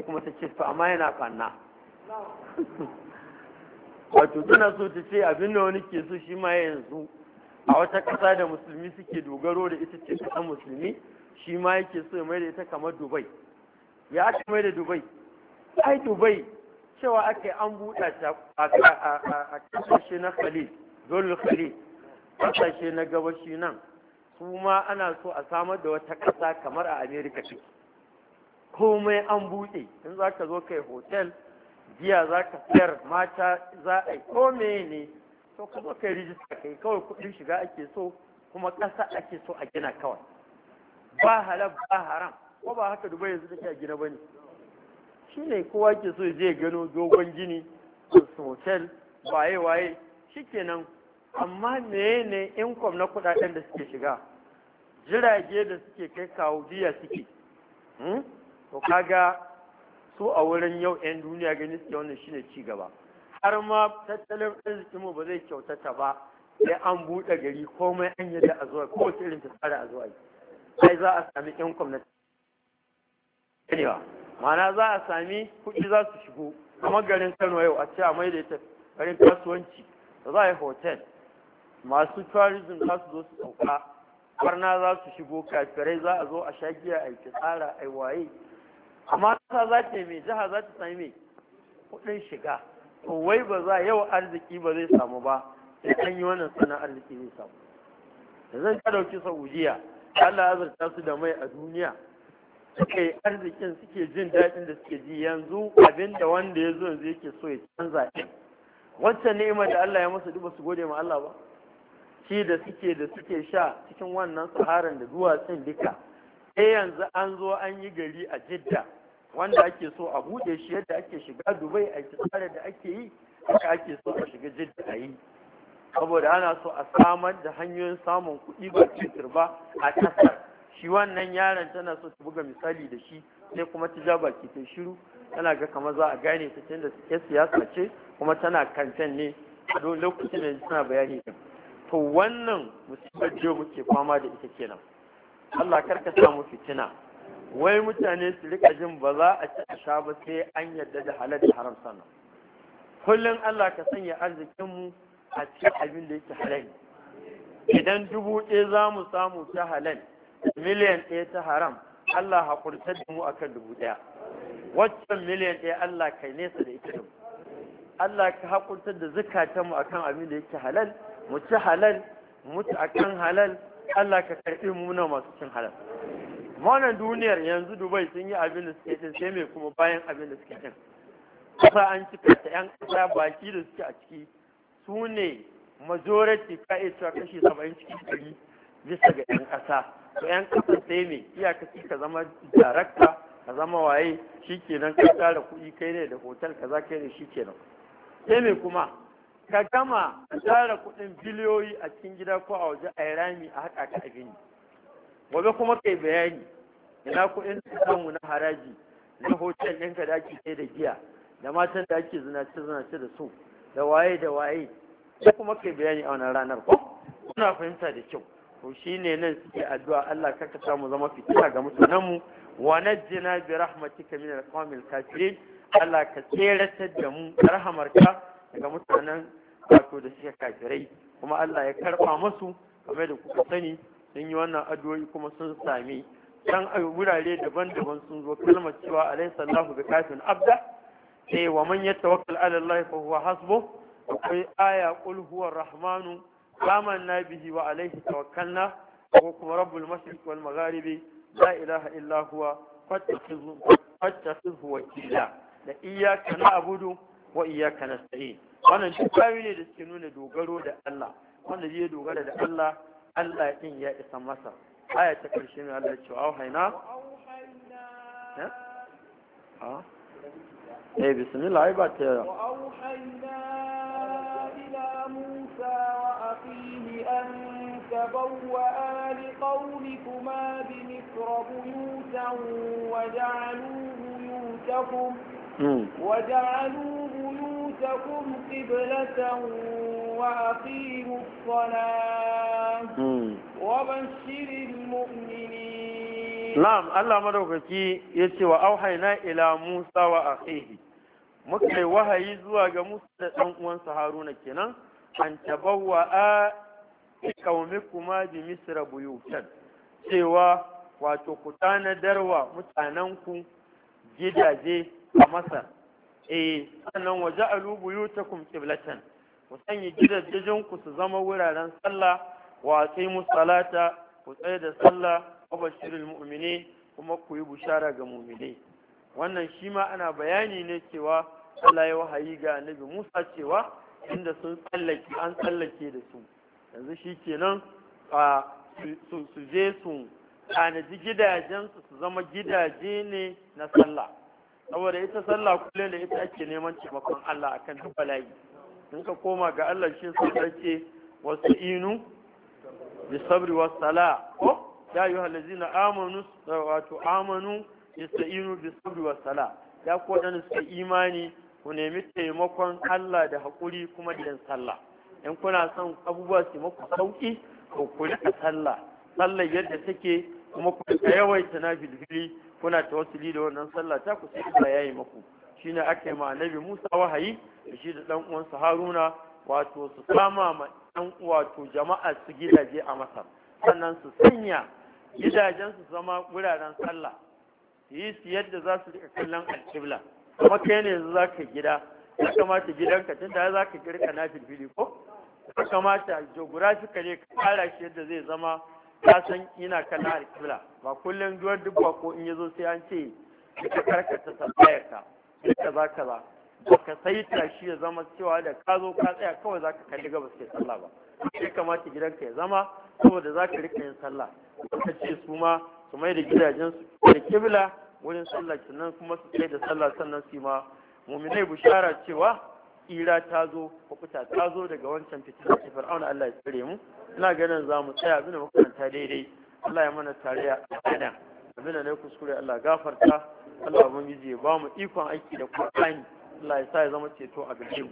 kuma ta ce to amma yana ɓanna wato tana so ta ce abin da wani ke so shi ma yanzu a wata ƙasa da musulmi suke dogaro da ita ce ƙasar musulmi shi ma yake so ya maida ita kamar dubai ya aka maida dubai ai dubai cewa aka yi an buɗa ta a kasashe na khalil dole khalil kasashe na gabashi nan kuma ana so a samar da wata ƙasa kamar a america ce komai an buɗe in za ka zo kai hotel giya za ka sayar mata za a yi komai ne to ka zo kai rijista kai kawai kuɗin shiga ake so kuma ƙasa ake so a gina kawai ba halal ba haram ko ba haka dubai yanzu take a gina bane shi ne kowa ke so je gano dogon gini hotel waye waye shikenan amma menene ne income na kudaden da suke shiga jirage da suke kai kawo biya suke hmm? to kaga su a wurin yau 'yan duniya gani suke wannan shine ci gaba har ma tattalin arzikinmu ba zai kyautata ba sai an buɗe gari komai an yi da a zuwa kowace irin ta tsara a zuwa yi sai za a sami ƴan gwamnati ma'ana za a sami kuɗi za su shigo kuma garin kano yau a ce a mai da tafi garin kasuwanci da za a yi hotel masu tourism za su zo su sauka barna za su shigo kafirai za a zo a sha giya a yi tsara a yi waye amma ta za ta mai jiha za ta sami mai kuɗin shiga to wai ba za yau arziki ba zai samu ba sai an yi wannan sana'ar arziki zai samu da zan ta dauki saudiya Allah ya zarta su da mai a duniya suke arzikin suke jin daɗin da suke ji yanzu abinda wanda ya zo yanzu yake so ya canza ɗin Wancan ni'imar da Allah ya masa duba su gode ma Allah ba shi da suke da suke sha cikin wannan saharan da duwatsun duka sai yanzu an zo an yi gari a jidda wanda ake so a buɗe shi yadda ake shiga dubai a tsara da ake yi haka ake so a shiga jidda a yi saboda ana so a samar da hanyoyin samun kuɗi ba cutar ba a ƙasar shi wannan yaron tana so ta buga misali da shi sai kuma ta ja baki ta shiru tana ga kamar za a gane ta tunda ke siyasa ce kuma tana kantan ne a lokacin da tana bayani din to wannan musibar jiya muke fama da ita kenan Allah karka samu fitina wai mutane su rika jin ba za a ci a sha ba sai an yarda da halal da haram sannan kullum Allah ka sanya arzikin mu a ce abin da yake halal idan dubu ɗaya za mu samu ta halal miliyan ɗaya ta haram Allah haƙurta da mu a kan dubu ɗaya waccan miliyan ɗaya Allah kai nesa da ita Allah ka haƙurta da zukatan mu a kan abin da yake halal mu ci halal mu ci a kan halal Allah ka karɓi mu na masu cin halal wannan duniyar yanzu Dubai sun yi abin da suke cin sai mai kuma bayan abin da suke cin kasa an cika ta yan kasa baki da suke a ciki su ne majority ka iya cewa kashi saba'in cikin ɗari bisa ga 'yan ƙasa to 'yan ƙasa sai ne iyakaci ka zama darakta ka zama waye shi kenan ka tara kuɗi kai ne da hotel kaza kai ne shi kenan sai ne kuma ka gama ka tara kuɗin biliyoyi a cikin gida ko a waje a rami a haka ka abin gobe kuma kai bayani ina kuɗin da samu na haraji na hotel ɗinka da ake da giya da matan da ake zinace zinace da su da waye da waye sai kuma kai bayani a wannan ranar ko kuna fahimta da kyau to shine nan suke addu'a Allah ka mu zama fitina ga mutanen mu wa najjina bi rahmatika min al-qawmil kafirin Allah ka tseratar da mu rahamarka daga mutanen wato da suke kafirai kuma Allah ya karba musu kamar da kuka sani sun yi wannan addu'o'i kuma sun sami dan wurare daban-daban sun zo kalmar cewa alaihi sallahu bi kafin abda eh wa man yatawakkal wakil alallahi fa huwa hasbu akwai aya qul huwa rahmanu amanna bihi wa alayhi tawakkalna wa kuma rabbul mashriq wal magharibi la ilaha illa huwa fattakhidhu wakila da iyyaka na'budu wa iyyaka nasta'in wannan duk bayu ne da suke nuna dogaro da Allah wanda zai dogara da Allah Allah din ya isa masa aya ta karshe ne Allah ya ce auhayna eh? ha ايه بسم الله عيبات وأوحينا إلى موسى وأخيه أن تبوأ لقومكما بمصر بيوتا وجعلوا بيوتكم وجعلوا بيوتكم قبلة وأقيموا الصلاة وبشر المؤمنين na'am Allah madaukaki ya ce wa auhaina ila Musa wa akhihi muka yi wahayi zuwa ga Musa da ɗan uwansa Haruna kenan an tabawwa a bi misra buyutan cewa wato ku tanadarwa ku gidaje a Masar eh sannan waje buyutakum qiblatan ku sanya gidajen ku su zama wuraren sallah wa aqimu salata ku tsaya da sallah wabashirul mu'mini kuma ku yi bushara ga mu'minai wannan shi ma ana bayani ne cewa Allah ya wahayi ga annabi Musa cewa inda sun tsallake an tsallake da su yanzu shi kenan a su je su tanaji gidajensu su zama gidaje ne na sallah saboda ita sallah kullum da ita ake neman taimakon Allah akan duk bala'i in ka koma ga Allah shi sai ce wasu inu bi sabri was sala ko ya yi halazina amanu wato amanu Sainu da sabri wa sala ya ku waɗanda suka imani ku nemi taimakon Allah da haƙuri kuma da sallah in kuna son abubuwa su maku sauƙi ko ku rika sallah sallah yadda take kuma ku rika yawaita na filfili kuna ta wasu da wannan sallah ta ku sai ya yi maku shine aka yi ma annabi Musa wahayi da shi da ɗan uwansa Haruna wato su sama ma dan wato jama'a su gidaje a Masar sannan su sanya gidajen su zama wuraren sallah yi su yadda za su rika kallon alkibla kuma kai ne yanzu za ka gida ya kamata gidanka tun da za ka girka na filfili ko ya kamata geographical ne ka kara shi yadda zai zama ka san ina kallon alƙibla ba kullum duwar dubba ko in ya zo sai an ce ka karkata tambayar ka ka za ka za baka saita shi ya zama cewa da ka zo ka tsaya kawai za ka kalli gabas kai sallah ba ya kamata gidanka ya zama saboda za ka rika yin sallah ka ce su ma su mai da gidajensu da kibla wurin sallah sannan kuma su tsaye da sallah sannan su ma muminai bushara cewa tsira ta zo kwakuta ta zo daga wancan fitina ta fir'auna Allah ya tsare mu ina ganin za mu tsaya abin makaranta daidai Allah ya mana tarayya a abin abinda na kuskure Allah gafarta Allah ubangiji ya ba mu ikon aiki da kuma Allah ya sa ya zama ceto a gare mu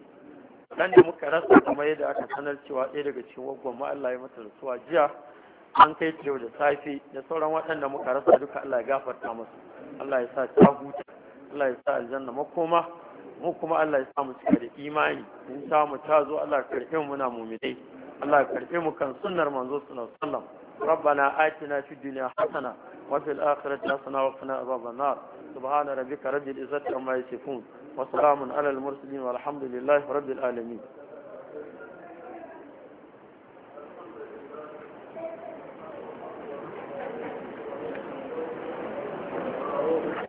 dan da muka rasa kuma yadda aka sanar cewa ɗaya daga cikin waggon ma Allah ya mata rasuwa jiya an kai ta da safe da sauran waɗanda muka rasa duka Allah ya gafarta musu Allah ya sa ta huta Allah ya sa aljanna makoma mu kuma Allah ya sa mu cika da imani in sa mu ta zo Allah karfe mu muna mu'minai Allah karfe mu kan sunnar manzo sallallahu alaihi wasallam ربنا آتنا في الدنيا حسنة وفي الآخرة حسنة وقنا عذاب النار سبحان ربك رب العزة عما يصفون wasu ramun alal mursulin alhamdulillah rabbil alamin